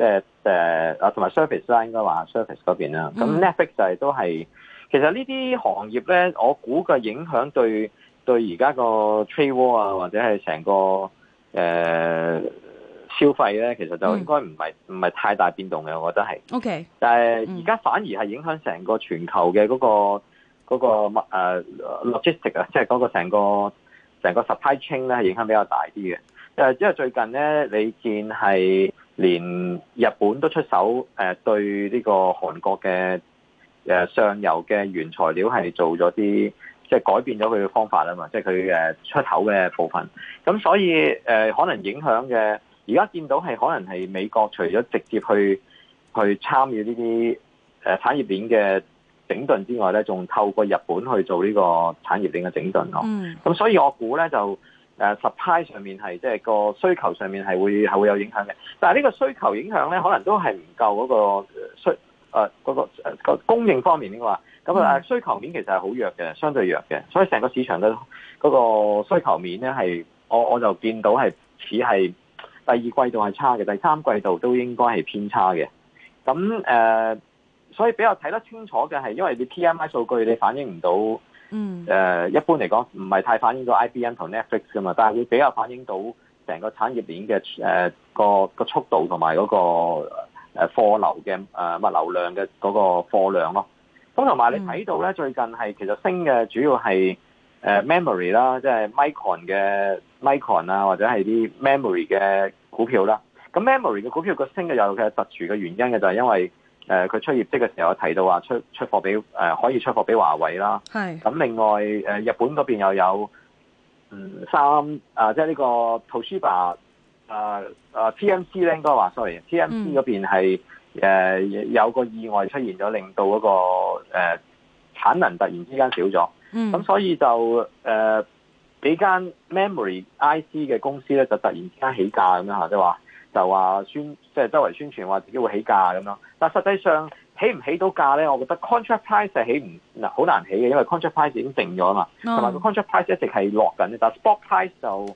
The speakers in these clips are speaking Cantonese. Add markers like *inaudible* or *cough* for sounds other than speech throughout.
即係啊，同埋 surface 啦，應該話 surface 嗰邊啦。咁 Netflix 就係都係，其實呢啲行業咧，我估嘅影響對對而家個 trade war 啊，或者係成個誒、呃、消費咧，其實就應該唔係唔係太大變動嘅，我覺得係。O、okay, K. 但係而家反而係影響成個全球嘅嗰、嗰個嗰、嗰個、乜 uh, logistic 啊，即係嗰個成個成個 supply chain 咧，係影響比較大啲嘅。誒，因為最近咧，你見係。連日本都出手，誒對呢個韓國嘅誒上游嘅原材料係做咗啲，即係改變咗佢嘅方法啊嘛，即係佢嘅出口嘅部分。咁所以誒可能影響嘅，而家見到係可能係美國除咗直接去去參與呢啲誒產業鏈嘅整頓之外咧，仲透過日本去做呢個產業鏈嘅整頓咯。嗯，咁所以我估咧就。誒十派上面係即係個需求上面係會係會有影響嘅，但係呢個需求影響咧，可能都係唔夠嗰個需誒、呃嗰個供應、呃、方面啲話，咁啊需求面其實係好弱嘅，相對弱嘅，所以成個市場嘅嗰個需求面咧係我我就見到係似係第二季度係差嘅，第三季度都應該係偏差嘅，咁誒、呃，所以比較睇得清楚嘅係因為你 P M I 數據你反映唔到。嗯、mm. uh,，一般嚟講唔係太反映到 IBM 同 Netflix 噶嘛，但係會比較反映到成個產業鏈嘅、呃、個，個速度同埋嗰個貨流嘅物、呃、流量嘅嗰個貨量咯。咁同埋你睇到咧，mm. 最近係其實升嘅主要係、呃、memory 啦，即、就、係、是、Micron 嘅 Micron 啊，或者係啲 memory 嘅股票啦。咁 memory 嘅股票個升嘅有佢特殊嘅原因嘅，就係因為。誒、呃、佢出業績嘅時候，提到話出出貨俾誒、呃、可以出貨俾華為啦。係咁，另外誒、呃、日本嗰邊又有嗯三啊，即、呃、係、就是呃、呢個 Toshiba 啊啊 PMC 咧，應該話 sorry，PMC 嗰邊係、嗯呃、有個意外出現咗，令到嗰、那個誒、呃、產能突然之間少咗。咁、嗯、所以就誒幾、呃、間 memory IC 嘅公司咧，就突然之間起價咁樣嚇，即係話。就話宣即係、就是、周圍宣傳話自己會起價咁樣，但實際上起唔起到價咧？我覺得 contract price 係起唔嗱好難起嘅，因為 contract price 已經定咗嘛，同、oh. 埋 contract price 一直係落緊，但 spot price 就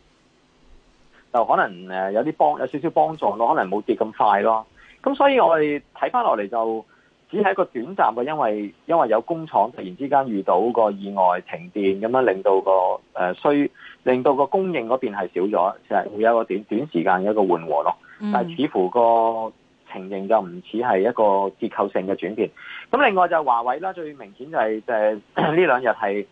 就可能誒有啲幫有少少幫助咯，可能冇跌咁快咯。咁所以我哋睇翻落嚟就只係一個短暫嘅，因為因為有工廠突然之間遇到個意外停電咁樣，令到個誒需令到個供應嗰邊係少咗，就係、是、會有一個短，短時間嘅一個緩和咯。但係似乎個情形，就唔似係一個結構性嘅轉變。咁另外就係華為啦，最明顯就係係呢兩日係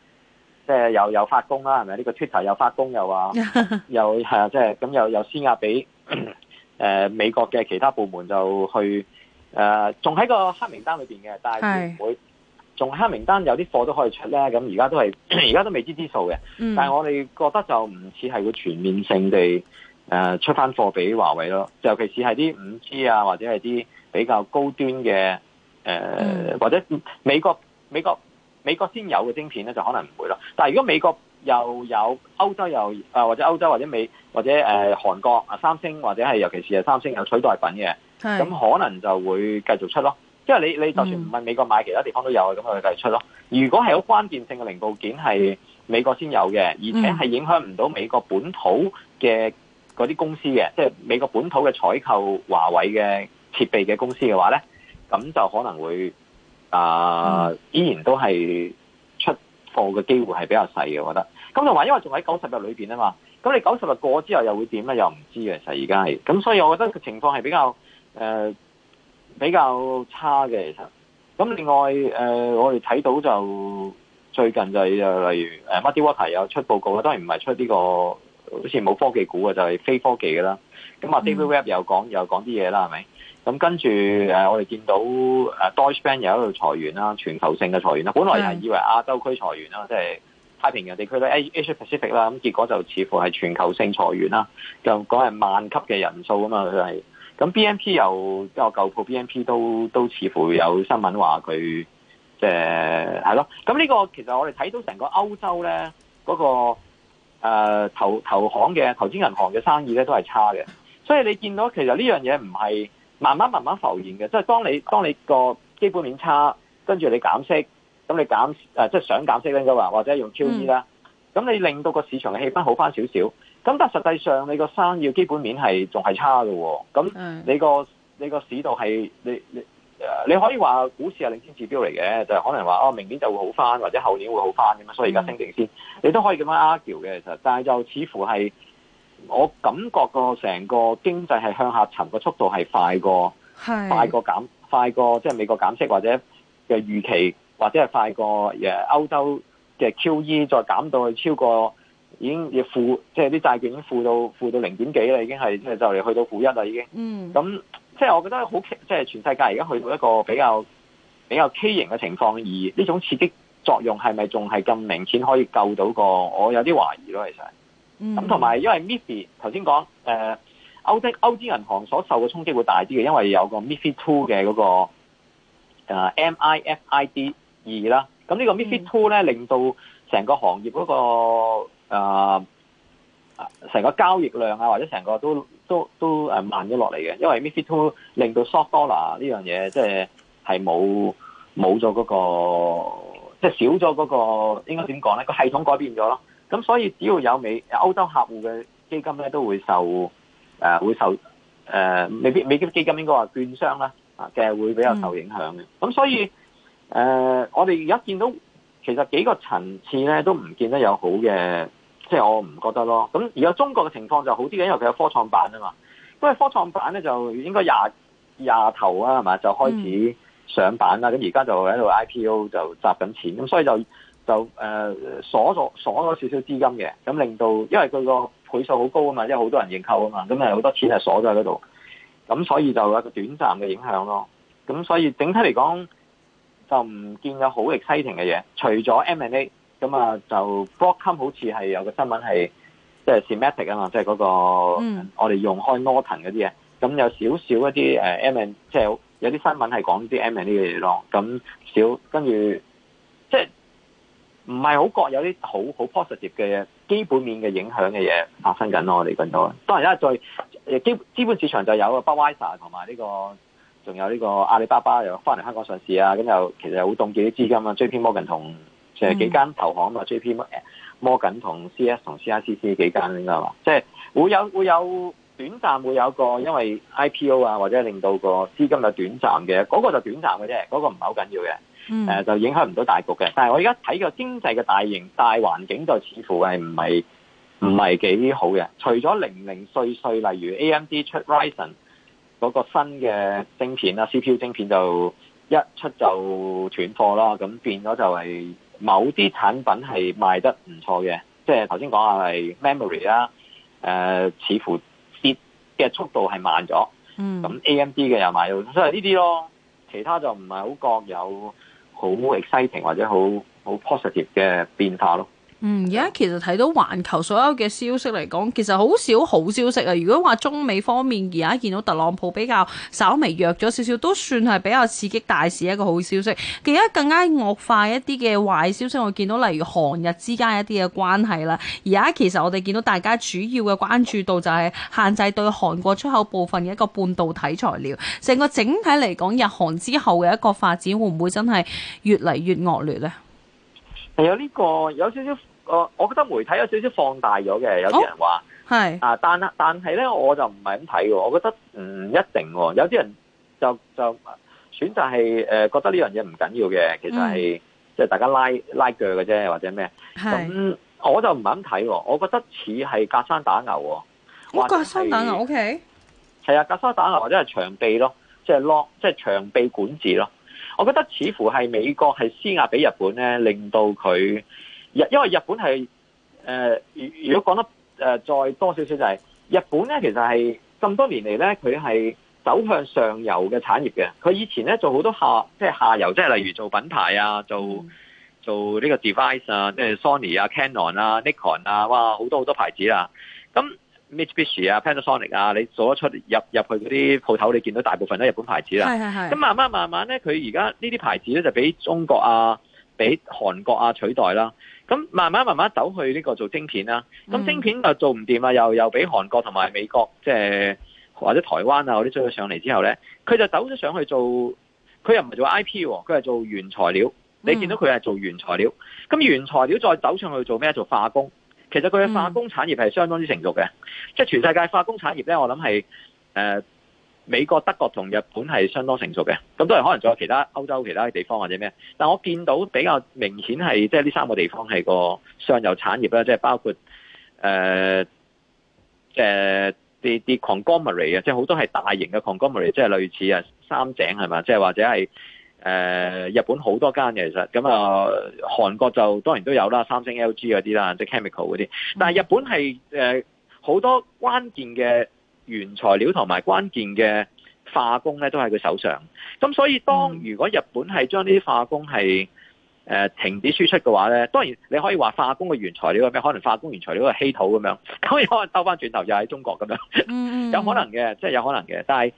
即係又有發功啦，係咪？呢、呢個 Twitter 有發功又 *laughs* 又、啊即係，又話又係即係咁又又施壓俾誒美國嘅其他部門就去誒仲喺個黑名單裏邊嘅，但係會仲黑名單有啲貨都可以出咧。咁而家都係而家都未知之數嘅。 *laughs* 但係我哋覺得就唔似係會全面性地。誒出翻貨俾華為咯，就尤其是係啲五 G 啊，或者係啲比較高端嘅誒、呃，或者美國美國美國先有嘅晶片咧，就可能唔會咯。但係如果美國又有歐洲又或者歐洲或者美或者誒、呃、韓國啊三星或者係尤其是係三星有取代品嘅，咁可能就會繼續出咯。即、就、係、是、你你就算唔問美國買，其他地方都有，咁佢繼續出咯。嗯、如果係好關鍵性嘅零部件係美國先有嘅，而且係影響唔到美國本土嘅，嗰啲公司嘅，即係美國本土嘅採購華為嘅設備嘅公司嘅話咧，咁就可能會啊、呃，依然都係出貨嘅機會係比較細嘅，我覺得。咁同埋因為仲喺九十日裏邊啊嘛，咁你九十日過之後又會點咧？又唔知嘅。其實而家係，咁所以我覺得個情況係比較誒、呃、比較差嘅，其實。咁另外誒、呃，我哋睇到就最近就係、例如誒 Muddy Water 有出報告啦，當然唔係出呢、這個。好似冇科技股啊，就係、是、非科技嘅啦。咁啊，David Webb 又講、嗯、又講啲嘢啦，係咪？咁跟住誒，我哋見到誒 Deutsche Bank 又一路裁員啦，全球性嘅裁員啦。本來係以為亞洲區裁員啦，即係、就是、太平洋地區咧，Asia Pacific 啦，咁結果就似乎係全球性裁員啦。就講係萬級嘅人數啊嘛，佢、就、係、是。咁 BNP 又即係舊鋪 BNP 都都似乎有新聞話佢即係係咯。咁、就、呢、是、個其實我哋睇到成個歐洲咧嗰、那個。誒、啊，投投行嘅、投資銀行嘅生意咧都係差嘅，所以你見到其實呢樣嘢唔係慢慢慢慢浮現嘅，即、就、係、是、當你當你個基本面差，跟住你減息，咁你減誒即係想減息咧，應該話或者用 QE 啦，咁、嗯、你令到個市場嘅氣氛好翻少少，咁但實際上你個生意基本面係仲係差嘅，咁你個你個市道係你你。你 Yeah, 你可以話股市係領先指標嚟嘅，就係、是、可能話哦，明年就會好翻，或者後年會好翻咁樣，所以而家升停先，mm. 你都可以咁樣 argue 嘅其實，但係就似乎係我感覺個成個經濟係向下沉嘅速度係快過是，快過減，快過即係、就是、美國減息或者嘅預期，或者係快過誒歐洲嘅 QE 再減到去超過已經要負，即係啲債券已經負到負到零點幾啦，已經係即係就嚟、是、去到了負一啦已經，嗯、mm.，咁。即、就、係、是、我覺得好即係全世界而家去到一個比較比較畸形嘅情況，而呢種刺激作用係咪仲係咁明顯可以救到一個？我有啲懷疑咯，其實。咁同埋因為 MiFID 頭先講，誒，歐資歐資銀行所受嘅衝擊會大啲嘅，因為有個 MiFID Two 嘅、嗰個誒 MIFID 二啦。咁、mm -hmm. uh, 呢個 MiFID Two 咧令到成個行業、嗰個誒，成、uh, 個交易量啊或者成個都。都都誒慢咗落嚟嘅，因為 MiFID II 令到 Soft Dollar 呢樣嘢，即係係冇冇咗嗰個，即、就、係、是、少咗嗰、嗰個，應該點講咧？嗰個系統改變咗咯，咁所以只要有美歐洲客戶嘅基金咧，都會受誒、呃、會受誒未必美金基金應該話券商啦啊嘅會比較受影響嘅。咁、嗯、所以誒、呃，我哋而家見到其實幾個層次咧，都唔見得有好嘅。即係我唔覺得咯，咁而家中國嘅情況就好啲嘅，因為佢有科創板啊嘛。因為科創板咧就應該廿廿頭啊，係嘛就開始上板啦。咁而家就喺度 IPO 就集緊錢，咁所以就就誒、呃、鎖咗鎖咗少少資金嘅，咁令到因為佢個倍數好高啊嘛，因為好多人認購啊嘛，咁咪好多錢係鎖咗喺嗰度，咁所以就有個短暫嘅影響咯。咁所，所以整體嚟講就唔見有好 exciting 嘅嘢，除咗 M&A。咁啊，就 Broadcom 好似係有個新聞係即係 Symantec 啊嘛，即係嗰個我哋用開 Norton 嗰啲嘢。咁有少少一啲 m n 即係有啲新聞係講啲 m n 呢嘅嘢咯。咁少跟住即係唔係好覺有啲好好 positive 嘅嘢，基本面嘅影響嘅嘢發生緊咯。我哋見到。當然啦，再資本市場就有個 Budweiser 同埋呢個，仲有呢個阿里巴巴又翻嚟香港上市啊。咁又其實好凍結啲資金啊。JPMorgan 同就係幾間投行嘛、mm -hmm.，JP 摩摩緊同 CS 同 CICC 幾間應該話，即、就、係、是、會有會有短暫會有個，因為 IPO 啊或者令到個資金有短暫嘅，嗰、那個就短暫嘅啫，嗰、那個唔係好緊要嘅，誒、mm -hmm. 啊、就影響唔到大局嘅。但係我而家睇個經濟嘅大型大環境就似乎係唔係唔係幾好嘅，除咗零零碎碎，例如 AMD 出 Rison 嗰個新嘅晶片啦，CPU 晶片就一出就斷貨啦，咁變咗就係、是。某啲產品係賣得唔錯嘅，即係頭先講下係 memory 啦、呃，誒似乎跌嘅速度係慢咗，咁、嗯、AMD 嘅又賣到，所以呢啲咯，其他就唔係好覺有好 exciting 或者好好 positive 嘅變化咯。嗯，而家其實睇到環球所有嘅消息嚟講，其實好少好消息啊！如果話中美方面而家見到特朗普比較稍微弱咗少少，都算係比較刺激大市一個好消息。而家更加惡化一啲嘅壞消息，我見到例如韓日之間一啲嘅關係啦。而家其實我哋見到大家主要嘅關注度就係限制對韓國出口部分嘅一個半導體材料。成個整體嚟講，日韓之後嘅一個發展會唔會真係越嚟越惡劣呢？係有呢個有少少。我我覺得媒體有少少放大咗嘅，有啲人話係啊，但但係咧，我就唔係咁睇嘅。我覺得唔一定，有啲人就就選擇係誒，覺得呢樣嘢唔緊要嘅，其實係即係大家拉拉鋸嘅啫，或者咩？咁我就唔係咁睇，我覺得似係隔山打牛。我、哦、隔山打牛？O K，係啊，隔山打牛或者係長臂咯，即係 long 即係長臂管治咯。我覺得似乎係美國係施壓俾日本咧，令到佢。因為日本係誒、呃，如果講得再多少少就係日本咧，其實係咁多年嚟咧，佢係走向上游嘅產業嘅。佢以前咧做好多下，即係下游，即係例如做品牌啊，做做呢個 device 啊，即係 Sony 啊、Canon 啊、Nikon 啊，哇，好多好多牌子啊。咁 Mitsubishi 啊、Panasonic 啊，你所出入入去嗰啲鋪頭，你見到大部分都係日本牌子啦。係係係咁慢慢慢慢咧，佢而家呢啲牌子咧就俾中國啊、俾韓國啊取代啦。咁慢慢慢慢走去呢個做晶片啦、啊，咁晶片又做唔掂啊，又又俾韓國同埋美國，即、就、係、是、或者台灣啊嗰啲追咗上嚟之後咧，佢就走咗上去做，佢又唔係做 I P 喎、哦，佢係做原材料。你見到佢係做原材料，咁原材料再走上去做咩？做化工。其實佢嘅化工產業係相當之成熟嘅，即係全世界化工產業咧，我諗係誒。呃美國、德國同日本係相當成熟嘅，咁都係可能仲有其他歐洲其他嘅地方或者咩？但我見到比較明顯係即係呢三個地方係個上游產業啦，即 *noise* 係樂、就是、包括誒即啲啲 conglomerate 嘅，即係好多係大型嘅 conglomerate，即係類似啊三井係嘛，即係或者係誒日本好多間嘅其實，咁啊韓國就當然都有啦，三星、LG 嗰啲啦，即係 chemical 嗰啲，但係日本係誒好多關鍵嘅。原材料同埋關鍵嘅化工咧，都喺佢手上。咁所以，當如果日本係將呢啲化工係誒、嗯呃、停止輸出嘅話咧，當然你可以話化工嘅原材料係咩？可能化工原材料係稀土咁樣，咁又可能兜翻轉頭又喺中國咁樣。嗯，嗯 *laughs* 有可能嘅，即、就、係、是、有可能嘅。但係誒、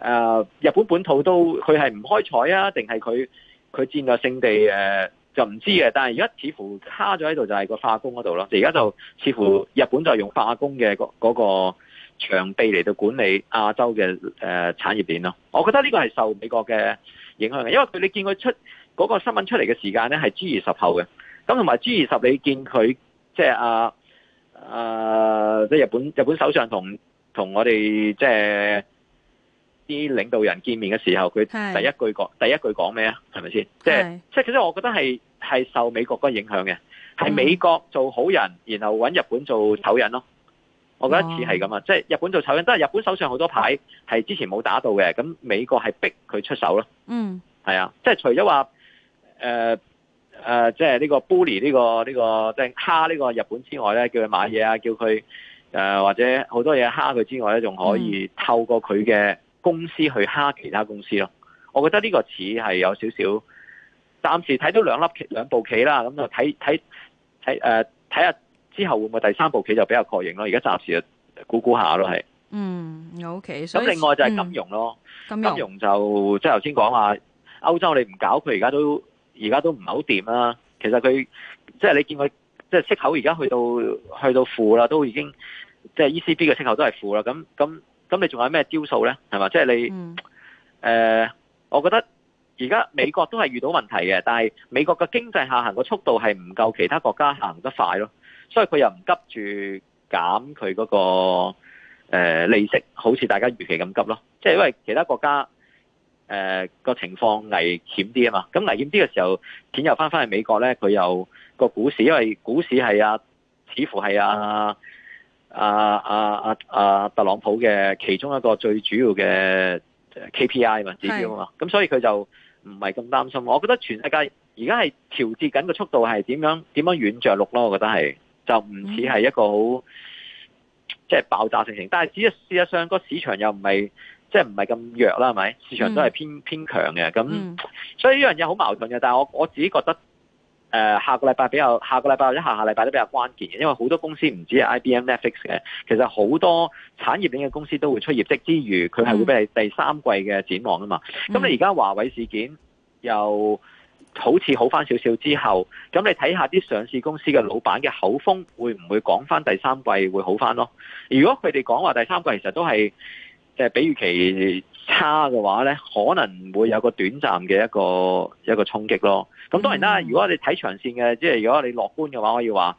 呃，日本本土都佢係唔開採啊，定係佢佢戰略性地誒、呃、就唔知嘅。但係而家似乎卡咗喺度，就係個化工嗰度咯。而家就似乎日本就係用化工嘅嗰嗰個。長臂嚟到管理亞洲嘅誒產業鏈咯，我覺得呢個係受美國嘅影響嘅，因為佢你見佢出嗰個新聞出嚟嘅時間咧係 G 二十後嘅，咁同埋 G 二十你見佢即係啊啊即係日本日本首相同同我哋即係啲領導人見面嘅時候，佢第一句講第一句講咩啊？係咪先？即係即係其實我覺得係係受美國個影響嘅，係美國做好人，然後揾日本做醜人咯。我覺得似係咁啊，Oh. 即係日本做醜人，都係日本手上好多牌，係之前冇打到嘅，咁美國係逼佢出手咯。嗯，係啊，即係除咗話誒誒，即係呢個 bully 呢個呢個，即係蝦呢個日本之外咧，叫佢買嘢啊，叫佢誒、呃、或者好多嘢蝦佢之外咧，仲可以透過佢嘅公司去蝦其他公司咯。Mm. 我覺得呢個似係有少少，暫時睇到兩粒兩兩步棋啦，咁就睇睇睇誒睇下。之後會唔會第三步棋就比較確認咯？而家暫時啊，估估下咯，係、嗯。嗯，OK。咁另外就係金融咯，嗯、金融就即係頭先講話歐洲你，你唔搞佢而家都而家都唔係好掂啦。其實佢即係你見佢即係息口而家去到去到負啦，都已經即係、就是、ECB 嘅息口都係負啦。咁咁咁，你仲有咩招數咧？係嘛，即、就、係、是、你誒、嗯呃，我覺得而家美國都係遇到問題嘅，但係美國嘅經濟下行嘅速度係唔夠其他國家行得快咯。所以佢又唔急住減佢嗰、嗰個、呃、利息，好似大家預期咁急咯。即係因為其他國家誒個、呃、情況危險啲啊嘛。咁危險啲嘅時候，錢又翻返去美國咧，佢又個股市，因為股市係啊，似乎係啊啊啊啊啊特朗普嘅其中一個最主要嘅 KPI 嘛指標啊嘛。咁所以佢就唔係咁擔心。我覺得全世界而家係調節緊個速度係點樣點樣軟着陸咯。我覺得係。就唔似係一個好即係爆炸性嘅，但係事實事實上個市場又唔係即係唔係咁弱啦，係咪？市場都係偏、嗯、偏強嘅，咁、嗯、所以呢樣嘢好矛盾嘅。但係我我自己覺得，誒、呃、下個禮拜比較，下個禮拜或者下下禮拜都比較關鍵嘅，因為好多公司唔止係 IBM、Netflix 嘅，其實好多產業鏈嘅公司都會出業績之餘，佢係會俾你第三季嘅展望啊嘛。咁、嗯、你而家華為事件又？好似好翻少少之後，咁你睇下啲上市公司嘅老闆嘅口風會唔會講翻第三季會好翻咯？如果佢哋講話第三季其實都係即係比預期差嘅話呢，可能會有個短暫嘅一個一個衝擊咯。咁當然啦，如果你睇長線嘅，即係如果你樂觀嘅話，可以話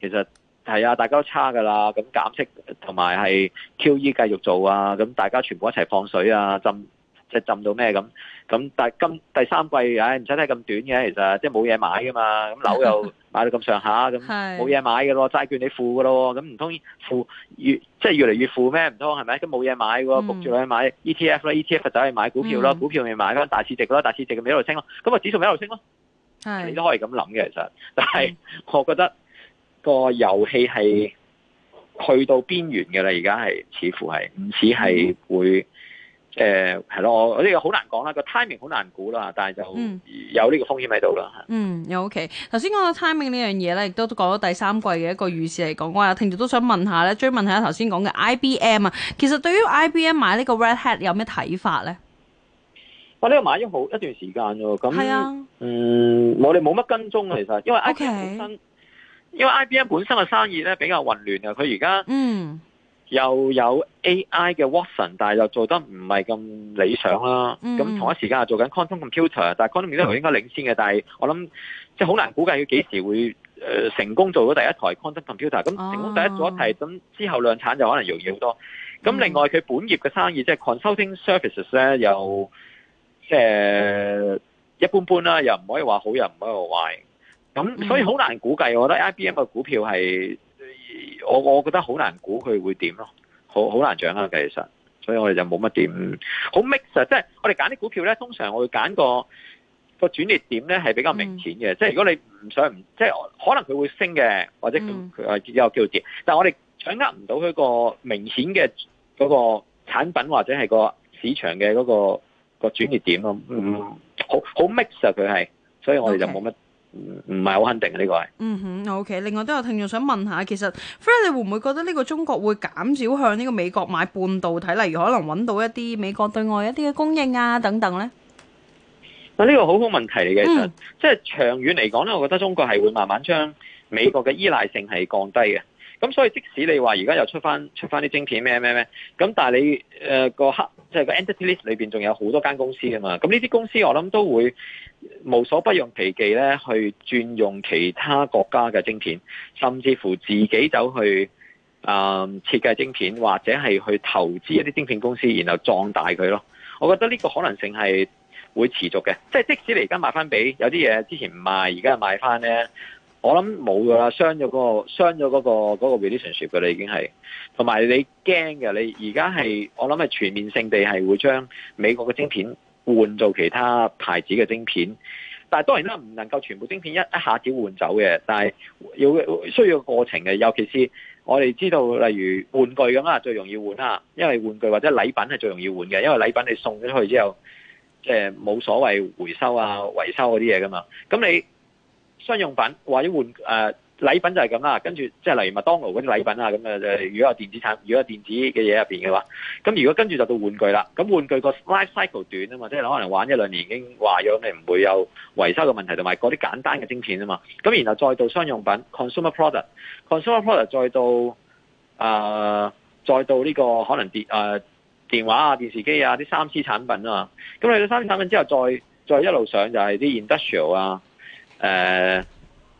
其實係啊，大家都差噶啦，咁減息同埋係 QE 繼續做啊，咁大家全部一齊放水啊，浸。即浸到咩咁咁，但係今第三季唉，唔使睇咁短嘅，其實即係冇嘢買噶嘛，咁樓又買到咁上下咁，冇嘢買嘅咯，債 *laughs* 券你付噶咯，咁唔通負越即係越嚟越付咩？唔通係咪？咁冇嘢買個焗住去買 ETF 啦，ETF 就係買股票啦，嗯，股票咪買翻大市值咯，大市值咪一路升咯，咁啊指數咪一路升咯，你都可以咁諗嘅其實，但係我覺得個遊戲係去到邊緣嘅啦，而家係似乎係唔似係會。誒、呃，係咯，我呢、這個好難講啦，個 timing 好難估啦，但係就有呢個風險喺度啦。嗯、又、嗯、OK。頭先講到 timing 呢樣嘢咧，亦都講咗第三季嘅一個預示嚟講。我阿聽住都想問一下咧，追問一下頭先講嘅 I B M 啊，其實對於 I B M 買呢個 Red Hat 有咩睇法咧？我呢、這個買咗好一段時間咯，咁嗯，我哋冇乜跟蹤啊，其實因為 I B M 本身，因為 I B M 本身嘅生意咧比較混亂啊，佢而家嗯。又有 AI 嘅 Watson，但係又做得唔係咁理想啦。咁、嗯、同一時間又做緊 Quantum Computer，但 Quantum Computer 應該領先嘅。但係我諗即係好難估計佢幾時會、呃、成功做到第一台 Quantum Computer。咁成功第一做一題，咁、啊、之後量產就可能容易好多。咁另外佢本業嘅生意即係、就是、Consulting Services 咧，又即係、呃嗯、一般般啦，又唔可以話好，又唔可以話壞。咁所以好難估計，我覺得 IBM 嘅股票係。我我覺得好難估佢會點咯，好好難掌握嘅其實，所以我哋就冇乜點好 mix 啊，即係、就是、我哋揀啲股票咧，通常我會揀個個轉捩點咧係比較明顯嘅、嗯，即係如果你唔想唔即係可能佢會升嘅，或者佢佢有機會跌，嗯、但係我哋掌握唔到佢個明顯嘅嗰個產品或者係個市場嘅嗰、那個個轉捩點咯，好好 mix 啊佢係，所以我哋就冇乜。唔唔係好肯定啊，呢個係，嗯哼，OK。另外都有聽眾想問下，其實 Fred 你會唔會覺得呢個中國會減少向呢個美國買半導體，例如可能搵到一啲美國對外一啲嘅供應啊等等呢？啊，呢個好好問題嚟嘅。其實即係長遠嚟講呢，我覺得中國係會慢慢將美國嘅依賴性係降低嘅。咁所以即使你話而家又出翻出翻啲晶片咩咩咩，咁但係你誒個黑即係個 entity list 裏邊仲有好多間公司㗎嘛，咁呢啲公司我諗都會無所不用其極咧，去轉用其他國家嘅晶片，甚至乎自己走去啊、呃、設計晶片，或者係去投資一啲晶片公司，然後壯大佢咯。我覺得呢個可能性係會持續嘅，即係即使你而家賣翻俾有啲嘢之前唔賣，而家賣翻咧。我諗冇噶啦，傷咗嗰個，傷咗嗰個嗰個 relationship 噶啦，已經係。同埋你驚嘅，你而家係我諗係全面性地係會將美國嘅晶片換做其他牌子嘅晶片。但係當然啦，唔能夠全部晶片一一下子換走嘅，但係要需要過程嘅。尤其是我哋知道，例如玩具咁嘛，最容易換啦，因為玩具或者禮品係最容易換嘅，因為禮品你送咗去之後，即係冇所謂回收啊、維修嗰啲嘢噶嘛。咁你商用品或者換誒、呃、禮品就係咁啦，跟住即係例如麥當勞嗰啲禮品啊，咁誒誒，如果係電子產，如果有電子嘅嘢入邊嘅話，咁如果跟住就到玩具啦，咁玩具個 life cycle 短啊嘛，即係可能玩一兩年已經壞咗，你唔會有維修嘅問題，同埋嗰啲簡單嘅晶片啊嘛，咁然後再到商用品 consumer product，consumer product 再到啊、呃，再到呢個可能電誒、呃、電話啊、電視機啊啲三 C 產品啊嘛，咁嚟到三 C 產品之後，再再一路上就係啲 industrial 啊。誒，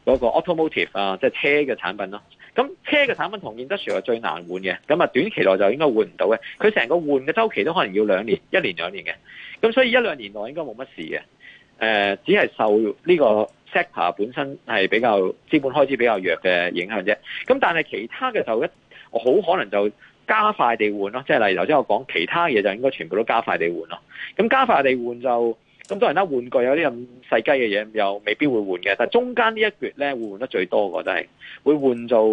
嗰個 automotive 啊，即係車嘅產品咯。咁車嘅產品同電池係最難換嘅，咁啊，短期內就應該換唔到嘅。佢成個換嘅周期都可能要兩年、一年、兩年嘅。咁所以一兩年內應該冇乜事嘅。誒，只係受呢個 sector 本身係比較資本開支比較弱嘅影響啫。咁但係其他嘅時候，我好可能就加快地換咯。即係例如頭先我講其他嘢就應該全部都加快地換咯。咁加快地換就。咁多人啦，換具有啲咁細雞嘅嘢又未必會換嘅，但中間一呢一月咧會換得最多，我覺得係會換做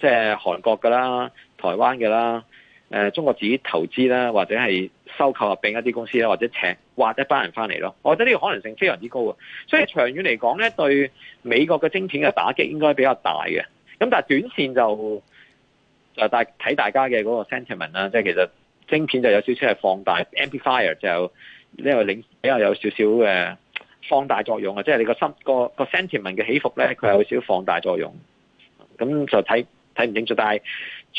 即係韓國㗎啦、台灣㗎啦、呃、中國自己投資啦，或者係收購入俾一啲公司啦，或者請或者一班人翻嚟咯。我覺得呢個可能性非常之高啊，所以長遠嚟講咧，對美國嘅晶片嘅打擊應該比較大嘅。咁但係短線就就大睇大家嘅嗰個 sentiment 啦，即係其實晶片就有少少係放大 amplifier 就。呢個領比較有少少嘅放大作用啊，即係你個心個個 sentiment 嘅起伏咧，佢有少少放大作用。咁就睇睇唔清楚，但係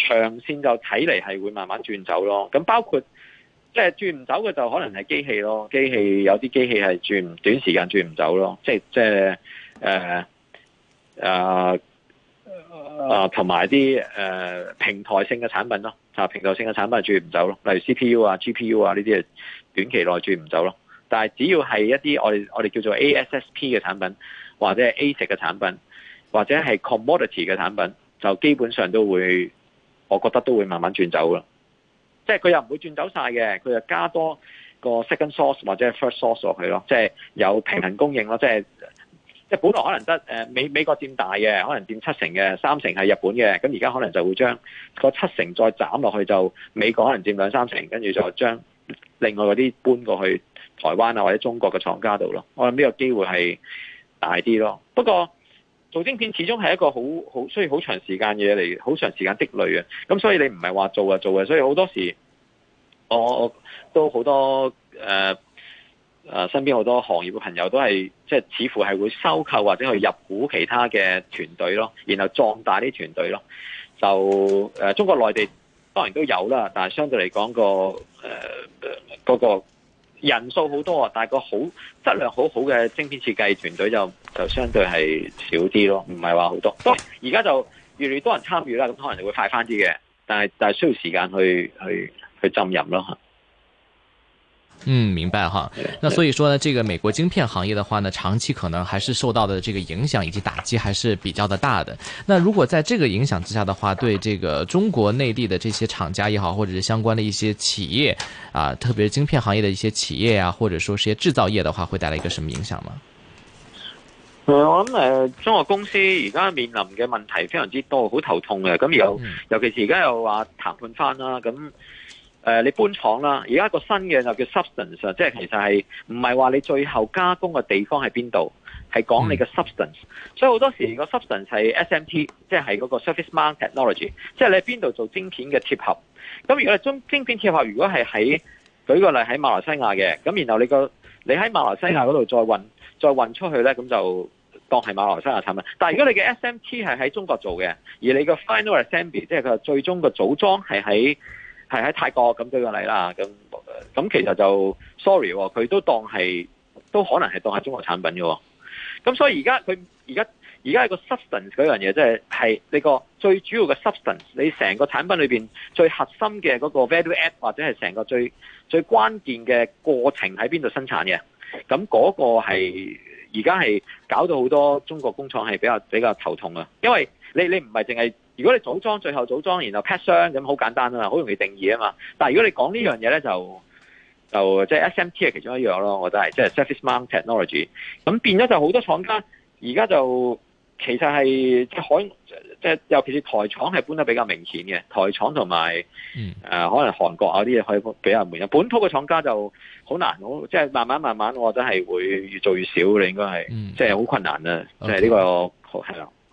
長線就睇嚟係會慢慢轉走咯。咁包括即係、就是、轉唔走嘅就可能係機器咯，機器有啲機器係轉短時間轉唔走咯。即係即係誒啊啊同埋啲誒平台性嘅產品咯，啊平台性嘅產品係轉唔走咯，例如 C P U 啊、G P U 啊呢啲。短期內轉唔走咯，但係只要係一啲我哋我哋叫做 A S S P 嘅產品，或者係 A 食嘅產品，或者係 commodity 嘅產品，就基本上都會，我覺得都會慢慢轉走囉。即係佢又唔會轉走晒嘅，佢就加多個 second source 或者 first source 落去咯，即係有平衡供應咯。即係即本來可能得美美國佔大嘅，可能佔七成嘅，三成係日本嘅，咁而家可能就會將個七成再斬落去，就美國可能佔兩三成，跟住就將。另外嗰啲搬過去台灣啊，或者中國嘅廠家度咯，我諗呢個機會係大啲咯。不過做晶片始終係一個好好需要好長時間嘅嘢，嚟，好長時間積累嘅。咁所以你唔係話做啊做嘅，所以好多時我，我都好多誒誒、呃呃、身邊好多行業嘅朋友都係即係似乎係會收購或者去入股其他嘅團隊咯，然後壯大啲團隊咯。就、呃、誒中國內地。當然都有啦，但係相對嚟講個誒嗰、呃那個人數好多，但係個質好質量好好嘅晶片設計團隊就就相對係少啲咯，唔係話好多。當而家就越嚟越多人參與啦，咁可能就會快返啲嘅，但係但係需要時間去去去浸淫咯嗯，明白哈。那所以說呢，這個美國晶片行業的話呢，長期可能還是受到的這個影響以及打擊還是比較的大的。那如果在這個影響之下的話，對這個中國內地的這些廠家也好，或者是相關的一些企業，啊，特別是晶片行業的一些企業啊，或者說是些製造業的話，會帶來一個什麼影響嗎？我諗呃，中國公司而家面臨嘅問題非常之多，好頭痛嘅。咁有尤其是而家又話談判翻啦，咁。誒、呃，你搬廠啦！而家個新嘅就叫 substance 啊，即係其實係唔係話你最後加工嘅地方喺邊度，係講你嘅 substance。所以好多時個 substance 係 SMT，即係嗰個 surface mount technology，即係你喺邊度做晶片嘅貼合。咁如果你中晶片貼合，如果係喺舉個例喺馬來西亞嘅，咁然後你個你喺馬來西亞嗰度再運再運出去咧，咁就當係馬來西亞產品。但係如果你嘅 SMT 係喺中國做嘅，而你個 final assembly 即係佢最終嘅組裝係喺係喺泰國咁舉個例啦，咁咁其實就 sorry 佢、哦、都當係都可能係當係中國產品嘅，咁所以而家佢而家而家係個 substance 嗰樣嘢，即係係你個最主要嘅 substance，你成個產品裏面最核心嘅嗰個 value add 或者係成個最最關鍵嘅過程喺邊度生產嘅，咁嗰個係而家係搞到好多中國工廠係比較比較頭痛啊，因為你你唔係淨係。如果你組裝最後組裝，然後 p a c 箱，咁好簡單啊嘛，好容易定義啊嘛。但係如果你講呢樣嘢咧，就就即係 SMT 係其中一樣咯。我覺得係即係 surface mount technology。咁變咗就好多廠家而家就其實係海即係尤其是台廠係搬得比較明顯嘅台廠同埋誒可能韓國有啲嘢可以比較唔一樣。本土嘅廠家就好難，好即係慢慢慢慢，我覺得係會越做越少。你應該係、嗯、即係好困難啊！即係呢個係啦。是